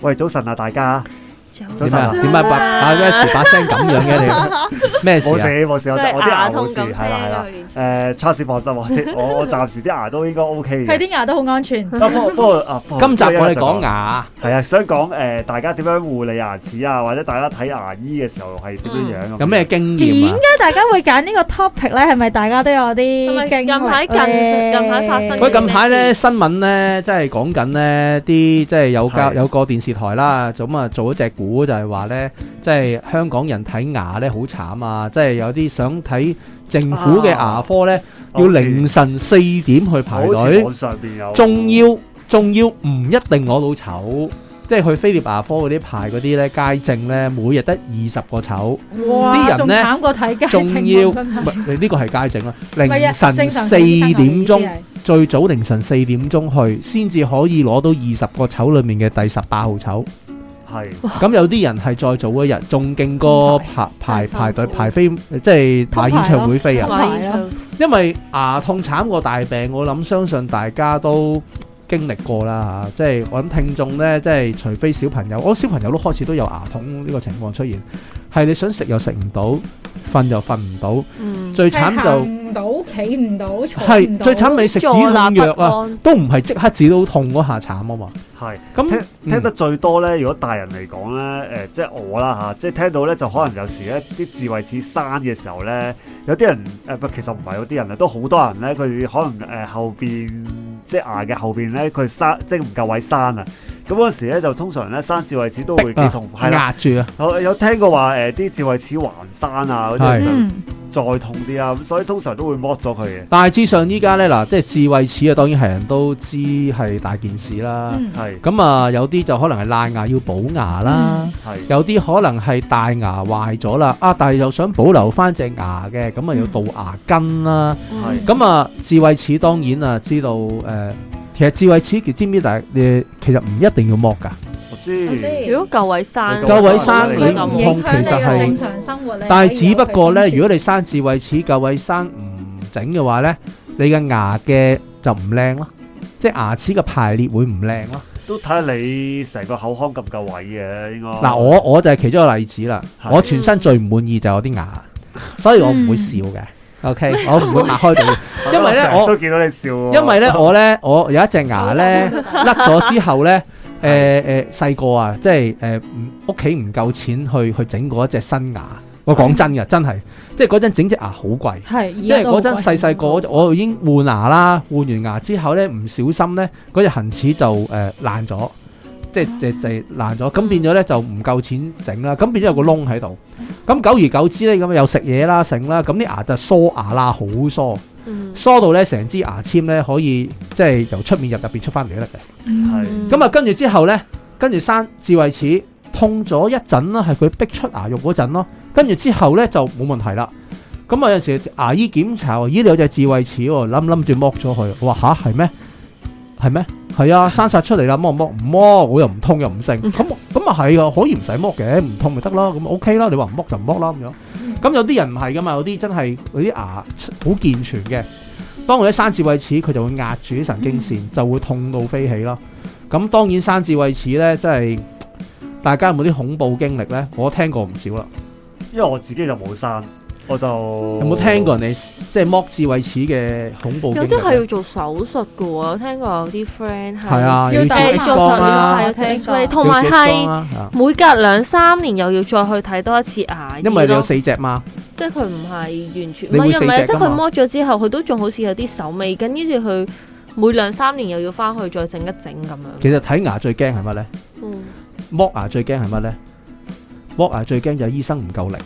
喂，早晨啊，大家。點解？點解？把把咩事把聲咁樣嘅你？咩事啊？冇事冇事，我得我啲牙冇事，係啦係啦。誒，測試放心喎，我我暫時啲牙都應該 OK 嘅。佢啲牙都好安全。不過不過啊，今集我哋講牙係啊，想講誒，大家點樣護理牙齒啊，或者大家睇牙醫嘅時候係點樣樣？有咩經驗啊？點解大家會揀呢個 topic 咧？係咪大家都有啲近排近近排發生？佢近排咧新聞咧，即係講緊咧啲，即係有家有個電視台啦，咁啊做一隻。估就係話呢，即係香港人睇牙呢好慘啊！即係有啲想睇政府嘅牙科呢，啊、要凌晨四點去排隊。仲要仲要唔一定攞到籌，即係去菲臘牙科嗰啲排嗰啲呢，街症呢每日得二十個籌。啲人呢，慘過睇街仲要，呢個係街症啊。凌晨四點鐘，最早凌晨四點鐘去，先至可以攞到二十個籌裡面嘅第十八號籌。係，咁哇有啲人係再早一日，仲勁過排排排隊排飛，即係排演唱會飛人啊！啊因為牙痛慘過大病，我諗相信大家都經歷過啦嚇。即係我諗聽眾呢，即係除非小朋友，我、哦、小朋友都開始都有牙痛呢個情況出現。係你想食又食唔、嗯、到，瞓又瞓唔到，最慘就企唔到、坐唔到。係是最慘你食止痛藥啊，安都唔係即刻止到痛嗰下慘啊嘛。係咁聽得最多咧，如果大人嚟講咧，誒、呃，即係我啦吓，即係聽到咧，就可能有時咧啲智慧齒生嘅時候咧，有啲人誒、呃，其實唔係，有啲人啊，都好多人咧，佢可能誒後邊即係牙嘅後邊咧，佢生即係唔夠位生啊。咁嗰時咧，就通常咧，生智慧齒都會幾痛，係、啊、啦，壓住啊！有有聽過話啲、呃、智慧齒橫生啊，嗰啲就再痛啲啦。咁是所以通常都會剝咗佢嘅。大致上依家咧嗱，即係智慧齒啊，當然係人都知係大件事啦。係咁是啊，有啲就可能係爛牙要補牙啦，係是有啲可能係大牙壞咗啦，啊，但係又想保留翻隻牙嘅，咁啊要杜牙根啦。係咁是是啊，智慧齒當然啊，知道誒。呃呃呃呃其實智慧齒，知唔知？大家其實唔一定要剝噶。我知。如果夠位生，夠位生，影響你嘅正常生活咧。但係只不過咧，如果你生智慧齒夠位生唔整嘅話咧，嗯、你嘅牙嘅就唔靚咯，即係牙齒嘅排列會唔靚咯。都睇下你成個口腔咁唔夠位嘅、啊，應該。嗱，我我就係其中一個例子啦。的我全身最唔滿意就係我啲牙，所以我唔會笑嘅。嗯 O Okay , K， 我唔會擘開到， 因為咧我，都見到你笑。因為咧我咧我，我有一隻牙咧甩咗之後咧，誒誒細個啊，即係誒，屋企唔夠錢去去整嗰一隻新牙。我講真㗎，啊、真係，即係嗰陣整隻牙好貴，因為嗰陣細細個，我已經換牙啦，換完牙之後咧唔小心咧，嗰隻恆齒就誒爛咗。呃即係即係爛咗，咁變咗咧就唔夠錢整啦，咁變咗有個窿喺度。咁久而久之咧，咁又食嘢啦、成啦，咁啲牙就疏牙啦，好疏，疏到咧成支牙籤咧可以即係由出面入入邊出翻嚟得嘅。咁啊係，跟住之後咧，跟住生智慧齒痛咗一陣啦，係佢逼出牙肉嗰陣咯。跟住之後咧就冇問題啦。咁有陣時牙醫檢查話：咦，你有隻智慧齒，諗諗住剝咗佢。哇吓，係咩？係咩？係啊，生晒出嚟啦，剝唔剝、剝？唔剝，我又唔痛又唔剩。咁咁啊，係噶，可以唔使剝嘅，唔痛咪得咯，咁 OK 啦。你話唔剝就唔剝啦咁樣。咁有啲人唔係噶嘛，有啲真係嗰啲牙好健全嘅，當佢一生智慧齒，佢就會壓住啲神經線，嗯、就會痛到飛起咯。咁當然生智慧齒咧，真係大家有冇啲恐怖經歷咧？我聽過唔少啦，因為我自己就冇生。我就有冇聽過人哋即係剝智慧齒嘅恐怖？有啲係要做手術噶，我聽過有啲 friend 係要戴口罩啦，要整光，同埋係每隔兩三年又要再去睇多一次牙。因為你有四隻嘛，即係佢唔係完全，唔係唔係，即係佢剝咗之後，佢都仲好似有啲手尾，跟住佢每兩三年又要翻去再整一整咁樣。其實睇牙最驚係乜咧？嗯，剝牙最驚係乜咧？剝牙最驚就係醫生唔夠力。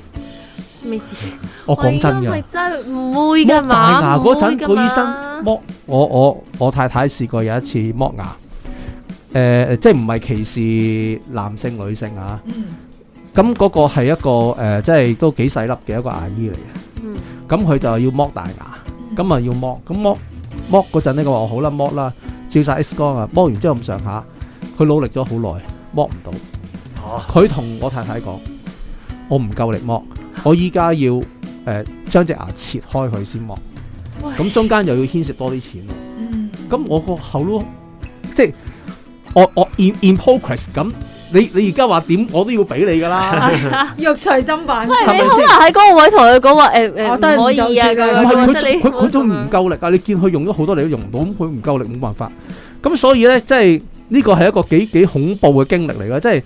未事。我講真嘅，真唔會噶嘛。剝大牙嗰陣，個醫生剝我我我太太試過有一次剝牙，誒，即係唔係歧視男性女性啊？嗯。咁嗰個係一個誒，即係都幾細粒嘅一個牙醫嚟嘅。嗯。咁佢就要剝大牙，咁啊要剝，咁剝剝嗰陣呢，佢話好啦，剝啦，照晒 X 光啊，剝完之後咁上下，佢努力咗好耐，剝唔到。哦。佢同我太太講，我唔夠力剝。我依家要誒、呃、將隻牙切開佢先望。咁中間又要牽涉多啲錢喎。咁、嗯、我個口囉，即係我我 in in progress 咁，你你而家話點我都要俾你噶啦。肉隨砧板，喂，你好難喺嗰個位同佢講話，誒誒我都係可以啊。唔係佢佢佢仲唔夠力啊？你見佢用咗好多你都用唔到，佢唔夠力冇辦法。咁所以咧，即係呢個係一個幾幾恐怖嘅經歷嚟㗎，即係。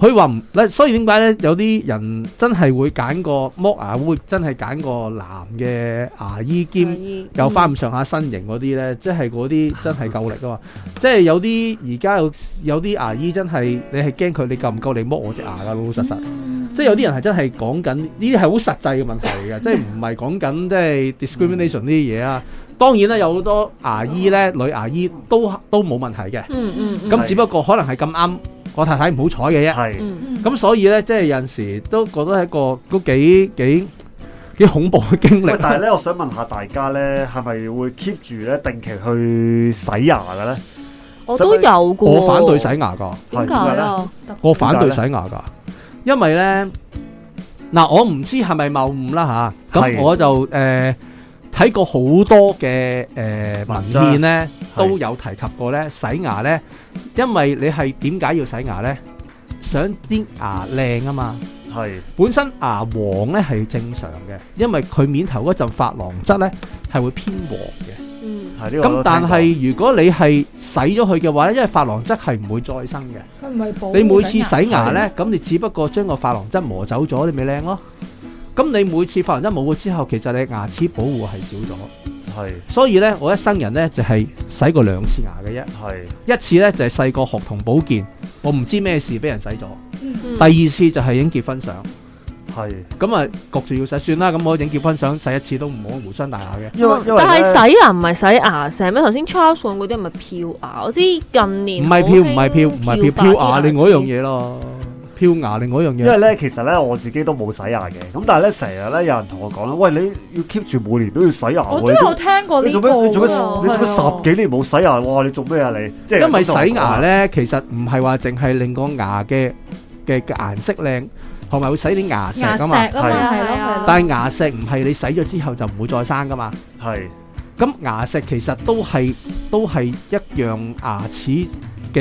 佢話唔嗱，所以點解咧？有啲人真係會揀個剝牙，會真係揀個男嘅牙醫兼又翻唔上下身形嗰啲咧，嗯、即係嗰啲真係夠力啊嘛！即係有啲而家有有啲牙醫真係，你係驚佢，你夠唔夠你剝我隻牙噶？老老實實，嗯、即係有啲人係真係講緊呢啲係好實際嘅問題嚟嘅，嗯、即係唔係講緊即係 discrimination 呢啲嘢啊！當然啦，有好多牙醫咧，女牙醫都都冇問題嘅，咁、嗯嗯嗯、只不過可能係咁啱。我太太唔好彩嘅啫，咁是所以咧，即係有陣時都覺得係一個都幾幾幾恐怖嘅經歷。但係咧，我想問下大家咧，係咪會 keep 住咧定期去洗牙嘅咧？我都有過。我反對洗牙噶，點解啊？我反對洗牙噶，為呢因為咧嗱，我唔知係咪謬誤啦吓，咁、啊、我就誒。的睇過好多嘅誒文獻咧，都有提及過咧洗牙咧，因為你係點解要洗牙咧？想啲牙靚啊嘛，係是本身牙黃咧係正常嘅，因為佢面頭嗰陣琺瑯質咧係會偏黃嘅。嗯，咁但係如果你係洗咗佢嘅話咧，因為琺瑯質係唔會再生嘅，佢唔係你每次洗牙咧，咁的你只不過將個琺瑯質磨走咗，你咪靚咯。咁你每次發完一毛毛之後，其實你牙齒保護係少咗，係。所以咧，我一生人咧就係洗過兩次牙嘅啫，係。一次咧就係細個學童保健，我唔知咩事俾人洗咗。第二次就係影結婚相，係。咁啊焗住要洗，算啦。咁我影結婚相洗一次都唔好互相大牙嘅，因為因為。但係洗牙唔係洗牙，成咩？頭先 Charles 嗰啲係咪漂牙？我知近年唔係漂，唔係漂，唔係漂，漂牙，另外一樣嘢咯。漂牙另外一樣嘢，因為咧其實咧我自己都冇洗牙嘅，咁但係咧成日咧有人同我講咧，喂，你要 keep 住每年都要洗牙。我都有聽過呢個。你做咩？你做咩？你做咩十幾年冇洗牙？哇！你做咩啊你？即係因為洗牙咧，其實唔係話淨係令個牙嘅嘅顏色靚，同埋會洗啲牙石噶嘛，係咯係咯。但係牙石唔係你洗咗之後就唔會再生噶嘛。係。咁牙石其實都係都係一樣牙齒。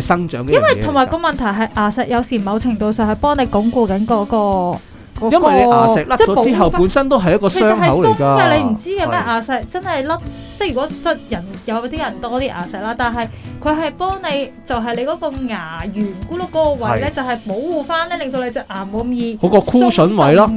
生長。因為同埋個問題係，牙石有時某程度上係幫你鞏固緊嗰、嗰個，嗰個、因為你牙石甩咗之後本身都係一個傷口嚟噶，其實係鬆嘅，你唔知嘅咩對 牙石真係甩。即係如果即係人有啲人多啲牙石啦，但係佢係幫你，就係你嗰個牙圓咕碌嗰個位咧，就係保護翻咧，令到你隻牙冇咁易。嗰個箍損位咯，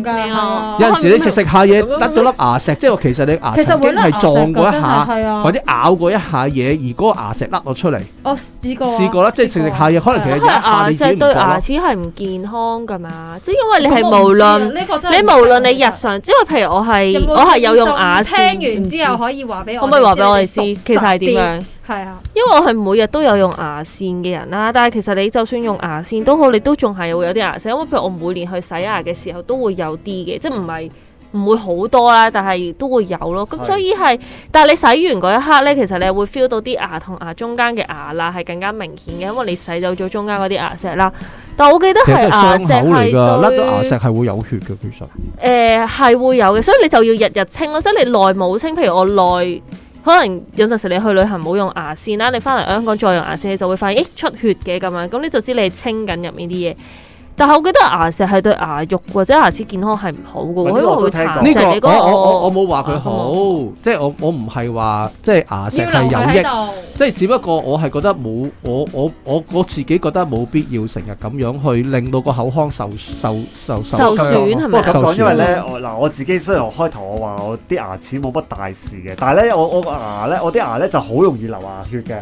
有陣時你食食下嘢甩到粒牙石，即係其實你牙石經係撞過一下，或者咬過一下嘢，而嗰個牙石甩落出嚟。我試過試過啦，即係食食下嘢，可能其實牙石對牙齒係唔健康㗎嘛。即係因為你係無論你無論你日常，即係譬如我係我係有用牙線。聽完之後可以話俾我。可唔可以話俾我哋知，實其實係點樣？係啊，因為我係每日都有用牙線嘅人啦。但係其實你就算用牙線都好，你都仲係會有啲牙石。因為譬如我每年去洗牙嘅時候都會有啲嘅，即係唔係。唔會好多啦，但係都會有咯。咁所以係，但係你洗完嗰一刻呢，其實你會 feel 到啲牙同牙中間嘅牙罅係更加明顯嘅，因為你洗走咗中間嗰啲牙石啦。但我記得係牙石嚟㗎，甩咗牙石係會有血嘅其實。誒係、呃、會有嘅，所以你就要日日清咯。即係你耐冇清，譬如我耐，可能有陣時你去旅行冇用牙線啦，你翻嚟香港再用牙線，你就會發現咦、欸、出血嘅咁樣。咁你就知你清緊入面啲嘢。但係我覺得牙石係對牙肉或者牙齒健康係唔好嘅，我覺得會，呢個我我我冇話佢好，即係我我唔係話即係牙石係有益，即係只不過我係覺得冇我我我我自己覺得冇必要成日咁樣去令到個口腔受受受受損係咪？不過咁講，因為咧我嗱我自己雖然開頭我話我啲牙齒冇乜大事嘅，但係咧我我牙咧我啲牙咧就好容易流牙血嘅。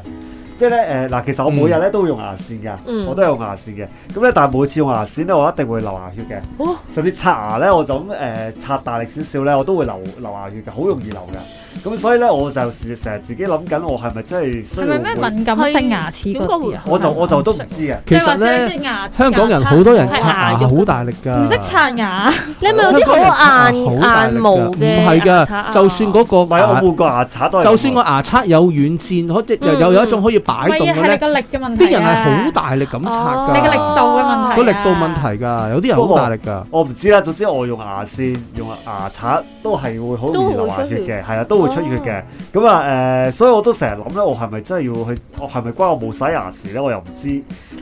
即係咧，誒，嗱、呃，其實我每日咧都會用牙線嘅，嗯、我都係用牙線嘅。咁咧，但係每次用牙線咧，我一定會流牙血嘅。哦、甚至刷牙咧，我就咁，誒、呃，刷大力少少咧，我都會流流牙血嘅，好容易流嘅。咁所以咧，我就是成日自己諗緊，我係咪真係需要敏感性牙齒？嗰個我就我就都唔知啊。其實咧，香港人好多人刷牙好大力㗎，唔識刷牙。你係咪有啲好硬硬毛唔係㗎，就算嗰個，就算個牙刷有軟綫，可又有一種可以擺動嘅。唔係啊，係你個力嘅問題。啲人係好大力咁刷㗎，你個力度嘅問題。個力度問題㗎，有啲人好大力㗎。我唔知啦，總之我用牙線、用牙刷都係會好容易牙血嘅，係啦，都會。出血嘅，咁啊，誒，所以我都成日諗咧，我係咪真係要去？我係咪關我冇洗牙事咧？我又唔知。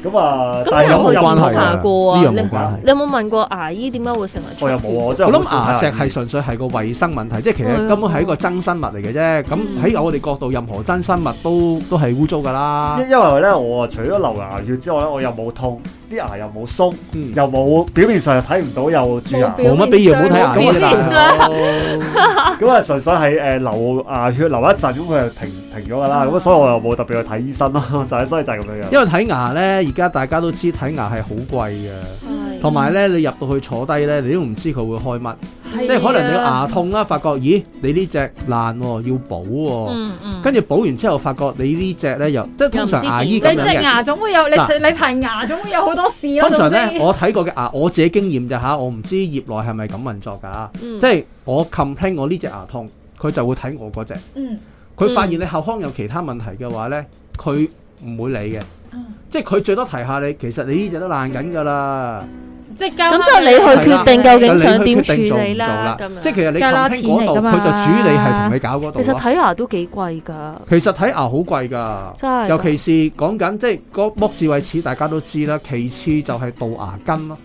咁啊，但係有冇問過呢樣關係？你有冇問過牙醫點解會成日？我又冇啊！我真係冇。我諗牙石係純粹係個衛生問題，即係其實根本係一個增生物嚟嘅啫。咁喺我哋角度，任何增生物都都係污糟噶啦。因為咧，我除咗流牙血之外咧，我又冇痛，啲牙又冇鬆，又冇表面上又睇唔到，又蛀牙。冇乜必要，好睇牙咁啊！咁啊，純粹係誒我牙血流一陣，咁佢就停停咗噶啦，咁、啊、所以我又冇特別去睇醫生咯，就 係所以就係咁樣樣。因為睇牙咧，而家大家都知睇牙係好貴嘅，同埋咧你入到去坐低咧，你都唔知佢會開乜，嗯、即係可能你牙痛啦，發覺咦你呢隻爛喎、哦，要補喎、哦，跟住、嗯嗯、補完之後發覺你隻呢隻咧又即係通常牙醫咁樣，你隻牙總會有你你排牙總會有好多事，通常咧、嗯、我睇過嘅牙，我自己經驗就嚇，我唔知業內係咪咁運作噶，即係、嗯嗯、我 complain 我呢隻牙痛。佢就會睇我嗰隻，佢發現你後腔有其他問題嘅話咧，佢唔會理嘅，即係佢最多提下你。其實你呢隻都爛緊噶啦，即係咁就你去決定究竟想點做定做唔做啦。即係其實你頭先嗰度，佢就主理係同你搞嗰度。其實睇牙都幾貴㗎，其實睇牙好貴㗎，尤其是講緊即係個剝智慧齒，大家都知啦。其次就係杜牙根咯，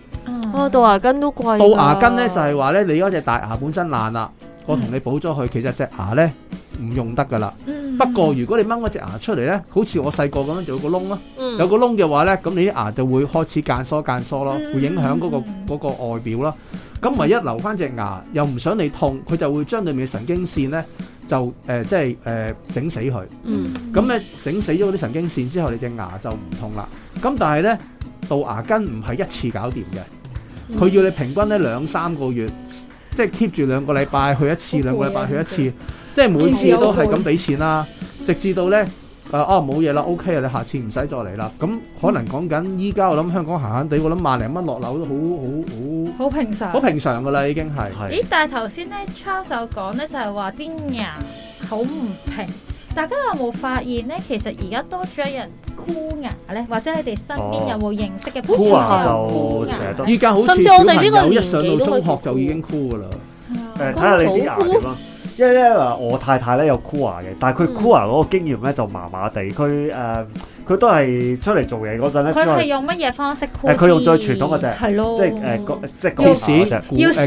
啊杜牙根都貴，杜牙根咧就係話咧，你嗰隻大牙本身爛啦。我同、 嗯、你補咗佢，其實隻牙咧唔用得噶啦。不過如果你掹嗰隻牙出嚟咧，好似我細個咁樣，就有個窿咯。有個窿嘅話咧，咁你啲牙就會開始間疏間疏咯，會影響嗰、嗰個嗰個外表咯。咁唯一留翻隻牙又唔想你痛，佢就會將裡面嘅神經線咧就誒、呃、即係誒整死佢。咁咧整死咗啲神經線之後，你隻牙就唔痛啦。咁但係咧，到牙根唔係一次搞掂嘅，佢要你平均咧兩三個月。即係 keep 住兩個禮拜去一次，兩個禮拜去一次，即係每次都係咁俾錢啦、啊，直至到呢，啊、嗯，哦冇嘢啦，OK 啊，你下次唔使再嚟啦。咁、嗯、可能講緊依家我諗香港閒閒地，我諗萬零蚊落樓都好好好，好平常，好平常㗎啦已經係。咦，但係頭先呢，抄手講呢就係話啲人好唔平。大家有冇發現咧？其實而家多咗人箍牙咧，或者你哋身邊有冇認識嘅箍牙？箍牙，依家好似小朋友一上到中學就已經箍噶啦。誒，睇下你啲牙啦。因為咧，我太太咧有箍牙嘅，但係佢箍牙嗰個經驗咧就麻麻地。佢誒，佢都係出嚟做嘢嗰陣咧。佢係用乜嘢方式箍？佢用最傳統嘅就係，即係誒，即係原始嘅箍，誒係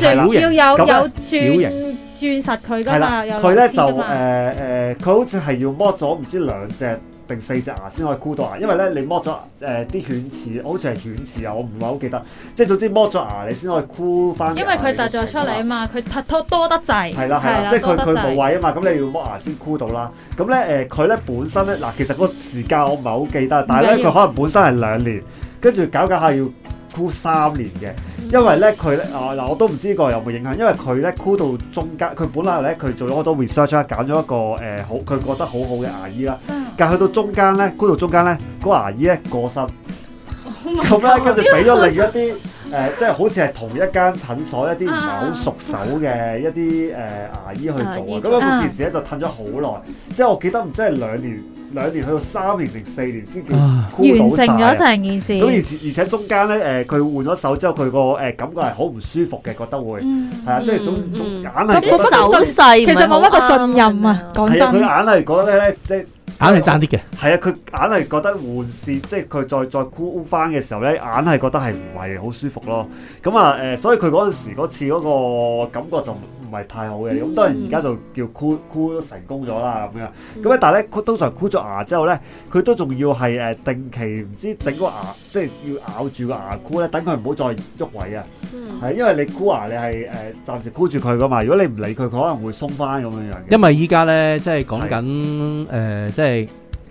鑽實佢噶嘛，佢咧就誒誒，佢、呃呃、好似係要剝咗唔知兩隻定四隻牙先可以箍到牙，因為咧你剝咗誒啲犬齒，好似係犬齒啊，我唔係好記得，即係總之剝咗牙你先可以箍翻。因為佢突咗出嚟啊嘛，佢突拖多得滯。係啦係啦，的了即係佢佢冇位啊嘛，咁你要剝牙先箍到啦。咁咧誒，佢、呃、咧本身咧嗱，其實嗰個時間我唔係好記得，但係咧佢可能本身係兩年，跟住搞搞下要。箍三年嘅，因為咧佢啊嗱，我都唔知呢個有冇影響，因為佢咧箍到中間，佢本來咧佢做咗好多 research，揀咗一個誒好，佢、呃、覺得好好嘅牙醫啦。但係去到中間咧，箍到中間咧，嗰、嗰個牙醫咧過身，咁咧跟住俾咗另一啲誒、呃，即係好似係同一間診所一啲唔係好熟手嘅一啲誒牙醫去做啊。咁樣、oh my 嗯、件事咧就褪咗好耐，即係我記得唔知係兩年。兩年去到三年定四年先完，啊、完成咗成件事，咁而而且中間咧誒，佢、呃、換咗手之後，佢個誒感覺係好唔舒服嘅覺得會，係、嗯、啊，嗯、即係總眼硬係冇乜個信其實冇乜個信任啊，講真佢眼係覺得咧，即係硬係爭啲嘅，係啊，佢硬係覺得換線，即係佢再再箍翻嘅時候咧，硬係覺得係唔係好舒服咯，咁啊誒，所以佢嗰陣時嗰次嗰個感覺就。唔係太好嘅，咁當然而家就叫箍箍都成功咗啦咁樣。咁啊，但係咧箍通常箍咗牙之後咧，佢都仲要係誒定期唔知整個牙，即係要咬住個牙箍咧，等佢唔好再喐位啊。係、嗯、因為你箍牙你，你係誒暫時箍住佢㗎嘛。如果你唔理佢，佢可能會鬆返咁樣樣。因為依家咧即係講緊誒，即係係、呃、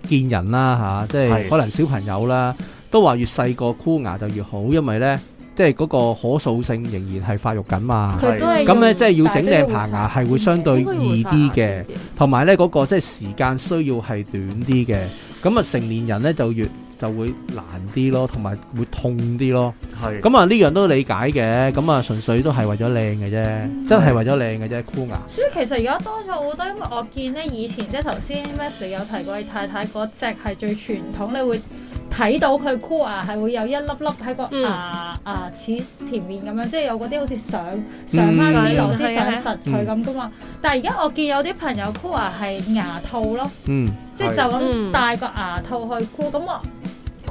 見人啦嚇，即係可能小朋友啦，都話越細個箍牙就越好，因為咧。即係嗰個可塑性仍然係發育緊嘛，咁咧、嗯嗯、即係要整靚棚牙係會相對易啲嘅，同埋咧嗰個即係時間需要係短啲嘅，咁啊成年人咧就越就會難啲咯，同埋會痛啲咯，係是，咁啊呢樣都理解嘅，咁啊純粹都係為咗靚嘅啫，嗯、真係為咗靚嘅啫，箍牙。所以其實而家多咗好多，因為我見咧以前即係頭先 Max 有提過，太太嗰隻係最傳統，你會、嗯。睇到佢箍牙係會有一粒粒喺個牙、嗯、牙齒前面咁樣，即係有嗰啲好似上上翻啲螺絲上實佢咁噶嘛。嗯、但係而家我見有啲朋友箍牙係牙套咯，嗯、即係就咁戴個牙套去箍，咁、嗯、我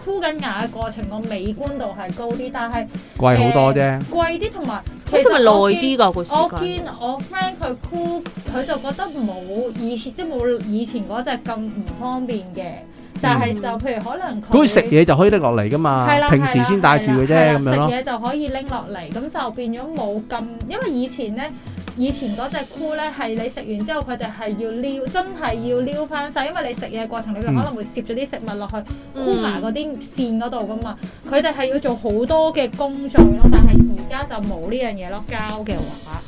箍緊牙嘅過程個美觀度係高啲，但係貴好多啫、欸，貴啲同埋其實咪耐啲噶。我見我 friend 佢箍佢就覺得冇以前即係冇以前嗰隻咁唔方便嘅。但係就譬如可能佢，佢食嘢就可以拎落嚟㗎嘛，的平時先戴住嘅啫食嘢就可以拎落嚟，咁就變咗冇咁，因為以前咧，以前嗰隻箍咧係你食完之後，佢哋係要撩，真係要撩翻晒，因為你食嘢過程裏邊可能會攝咗啲食物落去箍牙嗰啲線嗰度㗎嘛，佢哋係要做好多嘅工序咯。但係而家就冇呢樣嘢咯，膠嘅話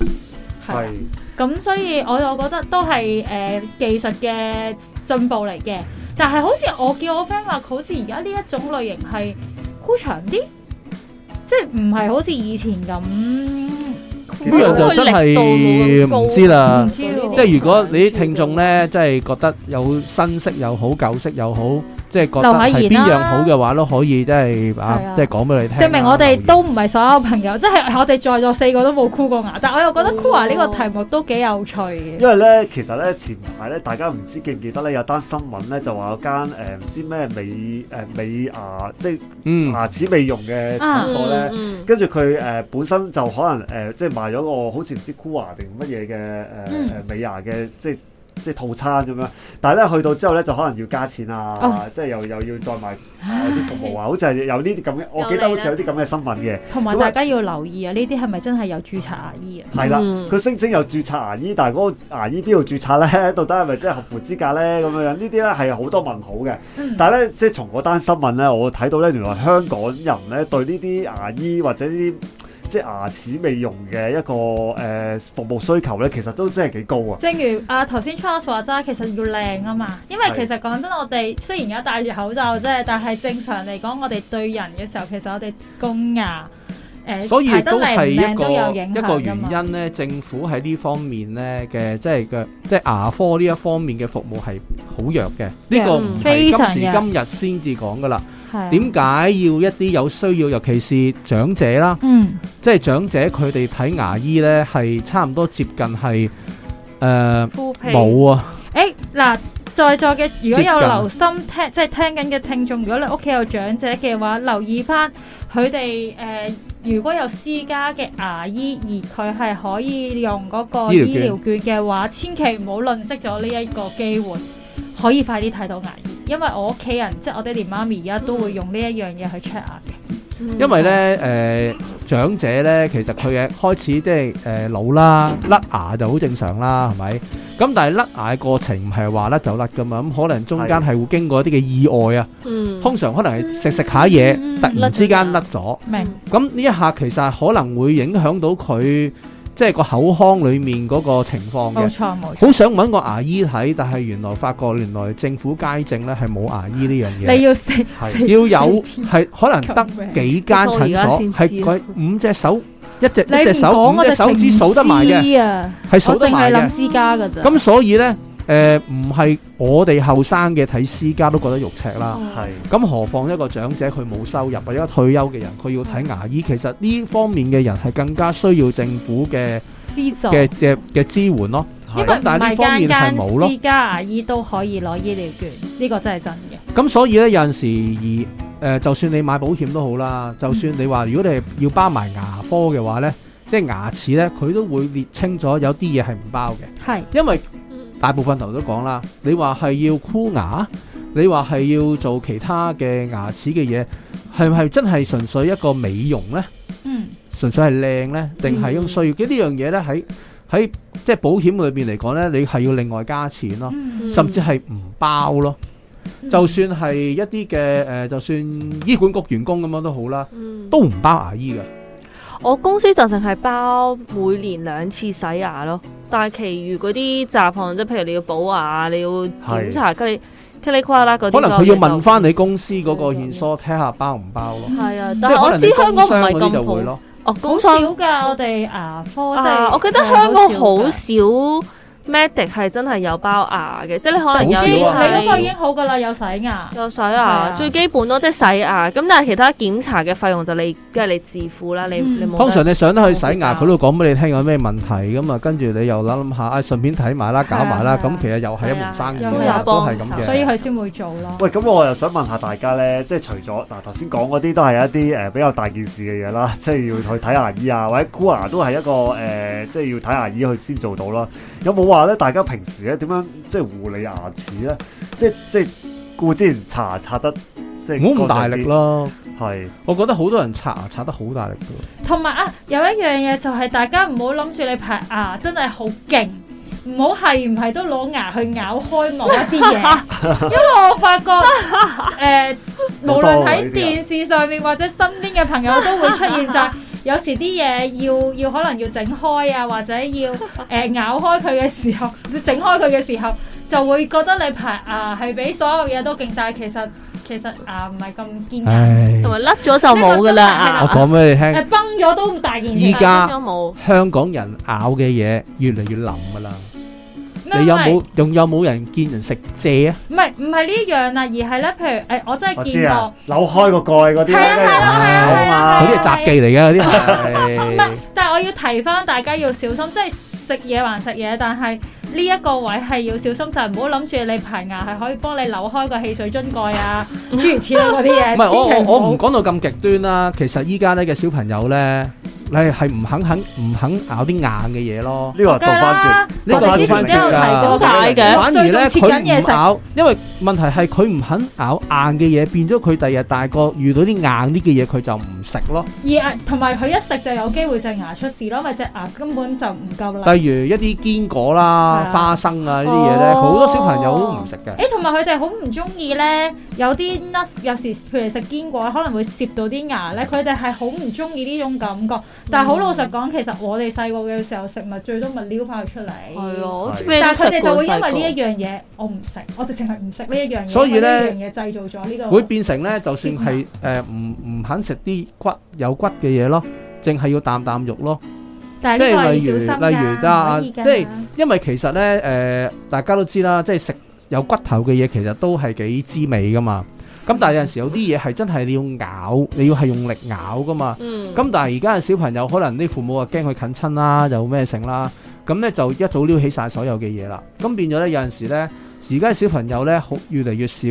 係。咁的所以我又覺得都係誒、呃、技術嘅進步嚟嘅。但係好似我叫我 friend 話佢好似而家呢一種類型係酷長啲，即係唔係好似以前咁。呢樣就真係唔知啦。即係如果你啲聽眾咧，即係覺得有新式又好，舊式又好。即係覺得係邊樣好嘅話，都可以即係啊，啊即係講俾你聽。證明我哋言都唔係所有朋友，即係我哋在座四個都冇箍過牙，但係我又覺得箍牙呢個題目都幾有趣嘅。因為咧，其實咧前排咧，大家唔知記唔記得咧有單新聞咧，就話有間誒唔知咩美誒、呃、美牙，即係牙齒美容嘅診所咧，跟住佢誒本身就可能誒、呃、即係賣咗個好似唔知箍牙定乜嘢嘅誒誒美牙嘅即係。即係套餐咁樣，但係咧去到之後咧，就可能要加錢啊！Oh. 即係又又要再買啲、呃、服務啊，唉好似係有呢啲咁嘅。我記得好似有啲咁嘅新聞嘅。同埋大家要留意啊，呢啲係咪真係有註冊牙醫啊？係啦的，佢、嗯、聲稱有註冊牙醫，但係嗰個牙醫邊度註冊咧？到底係咪真係合乎資格咧？咁樣樣呢啲咧係好多問號嘅。嗯、但係咧，即係從嗰單新聞咧，我睇到咧，原來香港人咧對呢啲牙醫或者呢啲。即係牙齒美容嘅一個誒、呃、服務需求咧，其實都真係幾高啊！正如阿頭先 Charles 話齋，其實要靚啊嘛，因為其實講真，我哋雖然而家戴住口罩啫，但係正常嚟講，我哋對人嘅時候，其實我哋公牙誒睇得靚唔靚都有影響噶嘛。一個原因咧，政府喺呢方面咧嘅即係嘅即係牙科呢一方面嘅服務係好弱嘅，呢、這個今今、嗯、唔係今時今日先至講噶啦。點解要一啲有需要，尤其是長者啦，嗯、即係長者佢哋睇牙醫呢，係差唔多接近係誒冇啊！誒嗱、欸，在座嘅如果有留心近聽，即係聽緊嘅聽眾，如果你屋企有長者嘅話，留意翻佢哋誒，如果有私家嘅牙醫，而佢係可以用嗰個醫療券嘅話，千祈唔好吝嗇咗呢一個機會，可以快啲睇到牙醫。因為我屋企人即係我爹哋媽咪而家都會用呢一樣嘢去 check 牙嘅，因為咧誒、呃、長者咧其實佢嘅開始即係誒老啦，甩牙就好正常啦，係咪？咁但係甩牙嘅過程唔係話甩就甩㗎嘛，咁、嗯、可能中間係會經過一啲嘅意外啊，的通常可能係食食下嘢，嗯、突然之間甩咗。掉掉明咁白呢一下其實可能會影響到佢。即係個口腔裏面嗰個情況嘅，好想揾個牙醫睇，但係原來發覺原來政府街政呢係冇牙醫呢樣嘢。你要食要有係可能得幾間診所係佢五隻手一隻一隻手五隻手指數得埋嘅，係數得埋嘅。我淨係諗私家噶咋。咁所以呢。誒，唔係我哋後生嘅睇私家都覺得肉赤啦，咁、哦、何況一個長者佢冇收入，或者一個退休嘅人，佢要睇牙醫，嗯、其實呢方面嘅人係更加需要政府嘅資助嘅嘅支援咯。因為但係呢方面係冇咯，間間私家牙醫都可以攞醫療券，呢、呢個真係真嘅。咁所以呢，有陣時而誒、呃，就算你買保險都好啦，就算你話如果你係要包埋牙科嘅話呢，即係、嗯、牙齒呢，佢都會列清楚有啲嘢係唔包嘅，係是因為。大部分頭都講啦，你話係要箍牙，你話係要做其他嘅牙齒嘅嘢，係咪真係純粹一個美容呢？嗯，純粹係靚呢？定係一種需要嘅呢樣嘢呢？喺喺即係保險裏邊嚟講呢，你係要另外加錢咯，嗯、甚至係唔包咯。嗯、就算係一啲嘅誒，就算醫管局員工咁樣、嗯、都好啦，都唔包牙醫㗎。我公司就淨係包每年兩次洗牙咯。但係，其餘嗰啲雜項即係，譬如你要補牙，你要檢查，跟佢的，跟佢跨啦嗰啲，可能佢要問返你公司嗰個險疏，睇下的包唔包咯。係啊，但係我知香港唔係咁好咯，好少㗎。我哋誒科，即係我覺得香港好少。啊 Medic 係真係有包牙嘅，即係你可能有，好啲，你咁已經好噶啦，有洗牙。有洗牙，啊、最基本咯，即係洗牙。咁但係其他檢查嘅費用就你即係你自負啦。你你冇。通常你上得去洗牙佢都講俾你聽有咩問題咁，哎、啊，跟住你又諗諗下，唉，順便睇埋啦，搞埋啦，咁其實又係一門生意，都係咁嘅。有咩幫助，所以佢先會做咯。喂，咁我又想問下大家咧，即係除咗嗱頭先講嗰啲都係一啲誒、呃、比較大件事嘅嘢啦，即係要去睇牙醫啊，或者箍牙都係一個誒、呃，即係要睇牙醫去先做到啦。有冇話咧，大家平時咧點樣即係護理牙齒咧，即係即係顧之前，牙刷得即係唔好咁大力咯。係，是我覺得好多人刷牙刷得好大力嘅。同埋啊，有一樣嘢就係大家唔好諗住你排牙真係好勁，唔好係唔係都攞牙去咬開某一啲嘢， 因為我發覺誒、 呃，無論喺電視上面或者身邊嘅朋友都會出現就。 有時啲嘢要要可能要整開啊，或者要誒咬開佢嘅時候，整開佢嘅時候就會覺得你排牙係比所有嘢都勁大，其實其實啊唔係咁堅硬，同埋甩咗就冇噶啦，我講俾你聽，係崩咗都咁大件事，依家香港人咬嘅嘢越嚟越腍噶啦。你有冇仲有冇人見人食蔗啊？唔係唔係呢樣啊，而係咧，譬如誒，我真係見過扭開個蓋嗰啲，係啊係啊係啊係啊，嗰啲雜技嚟嘅嗰啲。唔係，但係我要提翻大家要小心，即係食嘢還食嘢，但係呢一個位係要小心，就唔好諗住你排牙係可以幫你扭開個汽水樽蓋啊，諸如此類嗰啲嘢。唔係，我我唔講到咁極端啦。其實依家咧嘅小朋友咧。你係唔肯肯唔肯咬啲硬嘅嘢咯？呢個倒翻轉，呢個轉轉之前我有提過嘅。反而咧佢唔咬，因為問題係佢唔肯咬硬嘅嘢，變咗佢第日大個遇到啲硬啲嘅嘢，佢就唔食咯。而同埋佢一食就有機會隻牙出事咯，因為隻牙根本就唔夠啦。例如一啲堅果啦、的花生啊呢啲嘢咧，好、哦、多小朋友都唔食嘅。誒，同埋佢哋好唔中意咧，有啲 nuts 有時譬如食堅果可能會攝到啲牙咧，佢哋係好唔中意呢種感覺。但係好老實講，其實我哋細個嘅時候，食物最多咪撩翻佢出嚟。係啊，但係佢哋就會因為呢一樣嘢，我唔食，我直情係唔食呢一樣嘢。所以咧，呢一樣嘢製造咗呢個會變成咧，就算係誒唔唔肯食啲骨有骨嘅嘢咯，淨係要啖啖肉咯。但係呢個係小心㗎，例如啊、可以㗎。即係因為其實咧誒、呃，大家都知啦，即係食有骨頭嘅嘢其實都係幾滋味㗎嘛。咁但係有陣時有啲嘢係真係你要咬，你要係用力咬噶嘛。咁、嗯、但係而家嘅小朋友可能啲父母啊驚佢近親啦，又咩性啦，咁咧就一早撩起晒所有嘅嘢啦。咁變咗咧，有陣時咧，而家嘅小朋友咧好越嚟越少，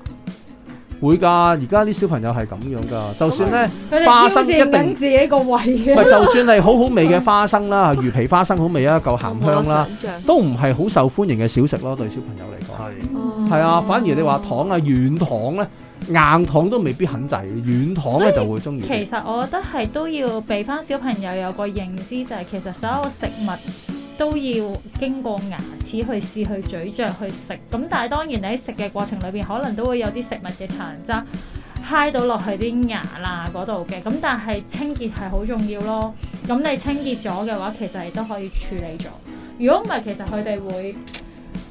會㗎，而家啲小朋友係咁樣㗎，就算咧的花生一定，自己咪 就算係好好味嘅花生啦， 魚皮花生好味啊，夠鹹香啦，都唔係好受歡迎嘅小食咯，對小朋友嚟講，係係、嗯、啊，反而你話糖啊，軟糖咧，硬糖都未必肯制，軟糖咧就會中意。其實我覺得係都要俾翻小朋友有個認知，就係、是、其實所有食物。都要經過牙齒去試、去咀嚼、去食。咁但係當然，你喺食嘅過程裏邊，可能都會有啲食物嘅殘渣揩到落去啲牙罅嗰度嘅。咁但係清潔係好重要咯。咁你清潔咗嘅話，其實亦都可以處理咗。如果唔係，其實佢哋會。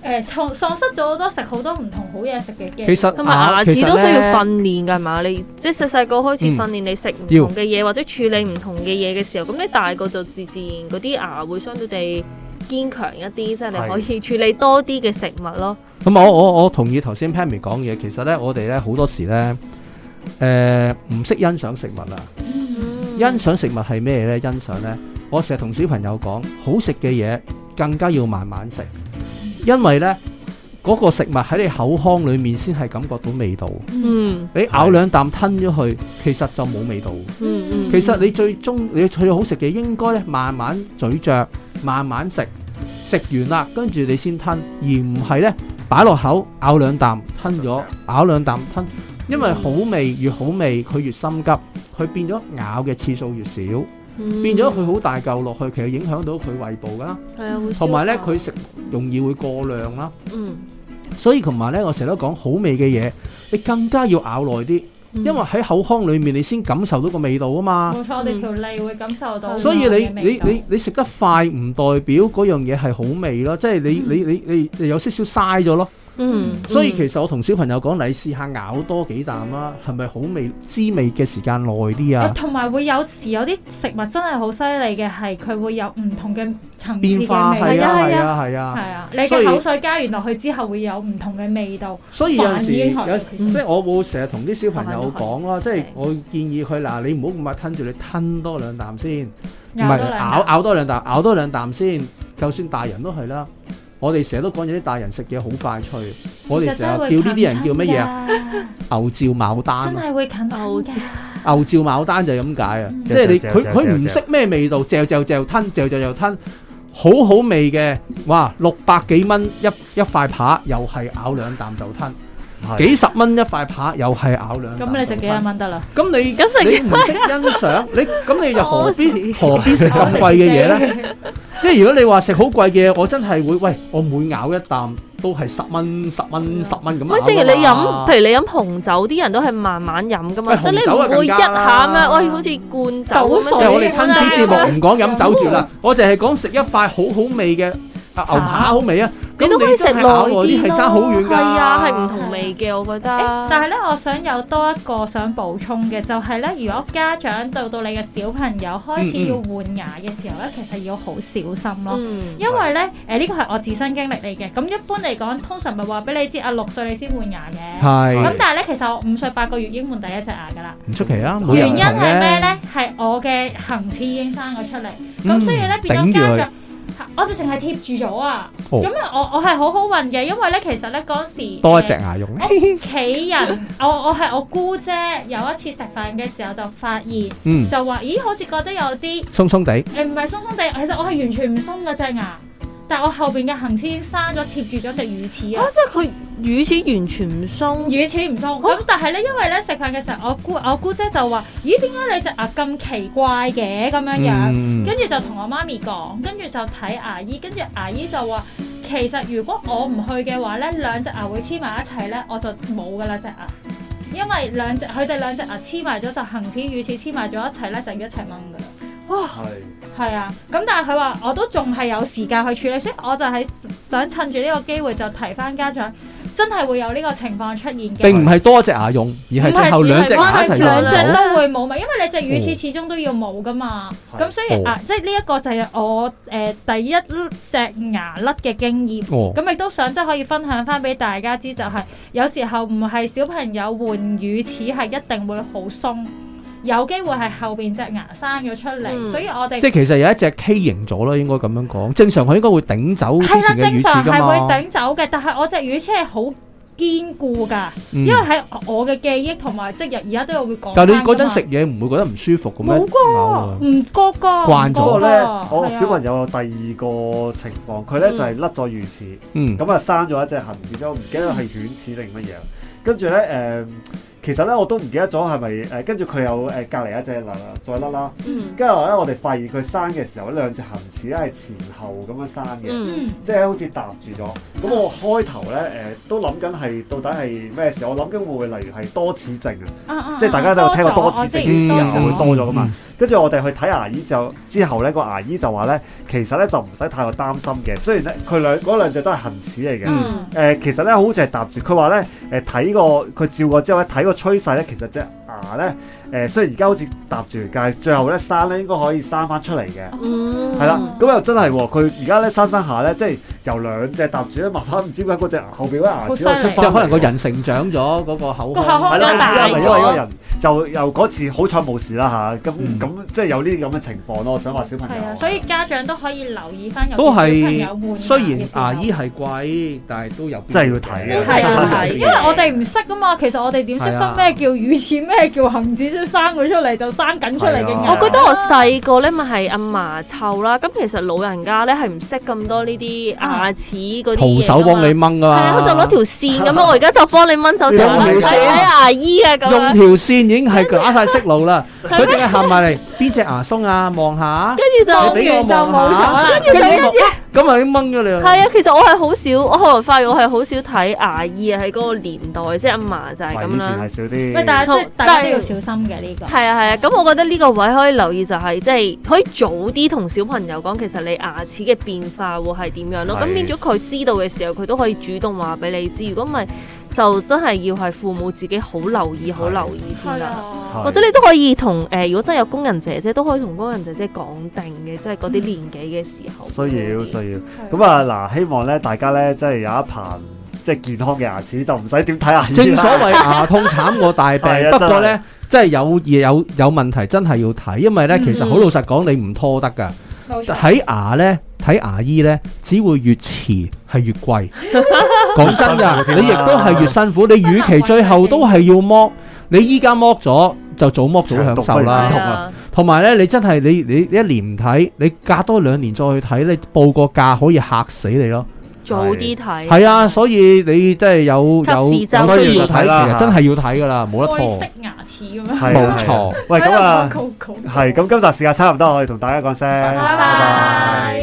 誒，錯喪、呃、失咗好多食好多唔同好嘢食嘅嘅。同埋實牙齒都需要訓練噶，係嘛？你即係細細個開始訓練你食唔同嘅嘢，嗯、或者處理唔同嘅嘢嘅時候，咁要你大個就自自然嗰啲牙會相對地堅強一啲，即係是你可以處理多啲嘅食物咯。咁、嗯、我我我同意頭先 Pammy 講嘅嘢，其實咧我哋咧好多時咧，誒、呃，唔識欣賞食物啊、嗯！欣賞食物係咩咧？欣賞咧，我成日同小朋友講，好食嘅嘢更加要慢慢食。因為呢個食物喺你口腔裏面先係感覺到味道。嗯，你咬兩啖吞咗去，其實就冇味道嗯。嗯嗯，其實你最終你最好食嘅應該咧，慢慢咀嚼，慢慢食，食完啦，跟住你先吞，而唔係呢，擺落口咬兩啖吞咗，咬兩啖吞、嗯、吞。因為好味越好味，佢越心急，佢變咗咬嘅次數越少。變咗佢好大嚿落去，其實影響到佢胃部噶啦，同埋咧佢食容易會過量啦。嗯，所以同埋咧，我成日都講好味嘅嘢，你更加要咬耐啲，因為喺口腔裏面你先感受到個味道啊嘛。冇錯，我哋條脷會感受到。所以你你你你食得快唔代表嗰樣嘢係好味咯，即係你你你你有少少嘥咗咯。嗯，所以其實我同小朋友講，你試下咬多幾啖啦，係咪好味，滋味嘅時間耐啲啊？同埋會有時有啲食物真係好犀利嘅，係佢會有唔同嘅層次嘅味，係啊係啊係啊，係啊，你嘅口水加完落去之後，會有唔同嘅味道。所以有時有，即係我會成日同啲小朋友講咯，即係我建議佢嗱，你唔好咁快吞住，你吞多兩啖先，唔係咬咬多兩啖，咬多兩啖先，就算大人都係啦。我哋成日都講呢啲大人食嘢好快脆，我哋成日叫呢啲人叫乜嘢 啊？牛照牡丹真係會近牛照牡丹就係咁解啊！嗯、即係你佢佢唔識咩味道，嚼嚼嚼吞，嚼嚼又吞，好好味嘅。哇，六百幾蚊一一塊扒，又係咬兩啖就吞。 幾十蚊一塊扒，又係咬兩。咁你食幾多蚊得啦？咁你咁食，你唔識欣賞你，咁你又何必何必食咁貴嘅嘢咧？因為如果你話食好貴嘅嘢，我真係會喂，我每咬一啖都係十蚊、十蚊、十蚊咁。咁正如你飲，譬如你飲紅酒，啲人都係慢慢飲噶嘛，即係你唔會一下咁喂，好似灌酒咁。我哋親子節目唔講飲酒住啦，我淨係講食一塊好好味嘅牛扒，好味啊！你都可以食耐啲差好遠，係啊，係唔同味嘅，我覺得。欸、但係咧，我想有多一個想補充嘅，就係、是、咧，如果家長到到你嘅小朋友開始要換牙嘅時候咧，嗯嗯、其實要好小心咯，嗯、因為咧，誒呢個係我自身經歷嚟嘅。咁一般嚟講，通常咪話俾你知啊，六歲你先換牙嘅。係是。咁但係咧，其實我五歲八個月已經換第一隻牙㗎啦。唔出奇啊，原因係咩咧？係我嘅恆齒已經生咗出嚟，咁、嗯、所以咧變咗家長。我就成係貼住咗啊，咁、oh. 我我係好好運嘅，因為咧其實咧嗰時多一隻牙用屋企 人我我係我姑姐有一次食飯嘅時候就發現，mm. 就話咦，好似覺得有啲鬆鬆地，誒唔係鬆鬆地，其實我係完全唔鬆嗰隻牙。但我後邊嘅恒齒已經生咗貼住咗隻魚翅啊！即係佢魚翅完全唔鬆，魚翅唔鬆。咁、啊、但係咧，因為咧食飯嘅時候，我姑我姑姐就話：咦，點解你隻牙咁奇怪嘅？咁樣樣，嗯、跟住就同我媽咪講，跟住就睇牙醫，跟住牙醫就話：其實如果我唔去嘅話咧，兩隻牙會黐埋一齊咧，我就冇噶啦隻牙。因為兩隻佢哋兩隻牙黐埋咗，就恒齒、魚翅黐埋咗一齊咧，就要一齊掹噶啦。係係啊，咁但係佢話我都仲係有時間去處理，所以我就係想趁住呢個機會就提翻家長，真係會有呢個情況出現嘅，並唔係多隻牙用，而係後兩隻牙一齊兩隻，隻都會冇嘛，因為你隻乳齒始終都要冇噶嘛，咁、哦、所以、哦、啊，即係呢一個就係我誒、呃、第一隻牙甩嘅經驗，咁亦、哦、都想即係可以分享翻俾大家知，就是，就係有時候唔係小朋友換乳齒係一定會好鬆。有機會係後邊隻牙生咗出嚟，所以我哋即係其實有一隻畸形咗啦，應該咁樣講。正常佢應該會頂走之前嘅乳齒㗎嘛。係啦，正常係會頂走嘅，但係我隻乳齒係好堅固噶，因為喺我嘅記憶同埋即係而家都有會講。但係你嗰陣食嘢唔會覺得唔舒服咁樣，冇㗎，唔覺㗎。慣咗咧，我小朋友有第二個情況，佢咧就係甩咗乳齒，嗯，咁啊生咗一隻痕，變咗唔記得係犬齒定乜嘢。跟住咧，誒。其實咧，我都唔記得咗係咪誒？跟住佢有誒、呃、隔離一隻，嗱、呃、嗱再甩啦。跟住咧，我哋發現佢生嘅時候，兩隻恆齒咧係前後咁樣生嘅，嗯、即係好似搭住咗。咁我開頭咧誒、呃、都諗緊係到底係咩事？我諗緊會唔會例如係多齒症啊？啊啊即係大家都有聽過多齒症，會多咗噶嘛？跟住我哋去睇牙醫之後呢，之後咧個牙醫就話咧，其實咧就唔使太過擔心嘅。雖然咧佢兩嗰兩隻都係恆齒嚟嘅，誒、嗯呃、其實咧好似係搭住。佢話咧誒睇過佢照過之後咧，睇個趨勢咧，其實隻牙咧誒、呃、雖然而家好似搭住，但係最後咧生咧應該可以生翻出嚟嘅、嗯。嗯，係啦、嗯，咁、嗯、又真係喎。佢而家咧生翻下咧，即係由兩隻搭住咧，麻煩唔知點解嗰隻後邊嗰隻牙齒又出翻，因為可能個人成長咗嗰、那個口腔大咗。就又嗰次好彩冇事啦吓，咁、啊、咁、嗯、即係有呢啲咁嘅情況咯。我想話小朋友係啊，所以家長都可以留意翻有冇小朋友換牙，雖然牙醫係貴，但係都有真係要睇、啊。都係、 啊啊啊、因為我哋唔識啊嘛。其實我哋點識分咩叫乳齒，咩叫恆齒？生佢出嚟就生緊出嚟嘅、啊、我覺得我細個咧咪係阿嫲湊啦。咁其實老人家咧係唔識咁多呢啲牙齒嗰啲。徒手幫你掹啊！係啊，佢就攞條線咁樣，我而家就幫你掹手就。就條線。睇牙醫啊咁。用條線。已經係打曬色路啦，佢淨係行埋嚟，邊隻牙鬆啊？望下，跟住就俾我望下，跟住一，咁啊，已經掹咗你。係啊，其實我係好少，我後來發現我係好少睇牙醫啊，喺嗰個年代，即阿嫲就係咁樣。牙醫少啲，但係即大家都要小心嘅呢個。係啊係啊，咁我覺得呢個位可以留意就係，即係可以早啲同小朋友講，其實你牙齒嘅變化會係點樣咯？咁變咗佢知道嘅時候，佢都可以主動話俾你知。如果唔係。就真係要係父母自己好留意，好是留意先啦。是或者你都可以同誒，如果真係有工人姐姐，都可以同工人姐姐講定嘅，嗯、即係嗰啲年紀嘅時候。需要需要咁啊！嗱的、呃，希望咧大家咧，即係有一棚即係健康嘅牙齒，就唔使點睇牙醫啦。正所謂牙痛慘過大病， 不過咧，即係有嘢有有，有問題，真係要睇，因為咧、嗯、哼其實好老實講，你唔拖得噶。睇牙咧，睇牙醫咧，只會越遲係越貴。 講真噶，你亦都係越辛苦，你與其最後都係要剝，你依家剝咗就早剝早享受啦。同埋咧，你真係你你一年唔睇，你隔多兩年再去睇你報個價可以吓死你咯早啲睇係啊，所以你真係有有，需要睇啦，其實真係要睇噶啦，冇得拖。牙齒咁樣，冇錯。喂，咁啊，係咁，今集時間差唔多，我哋同大家講聲，拜拜。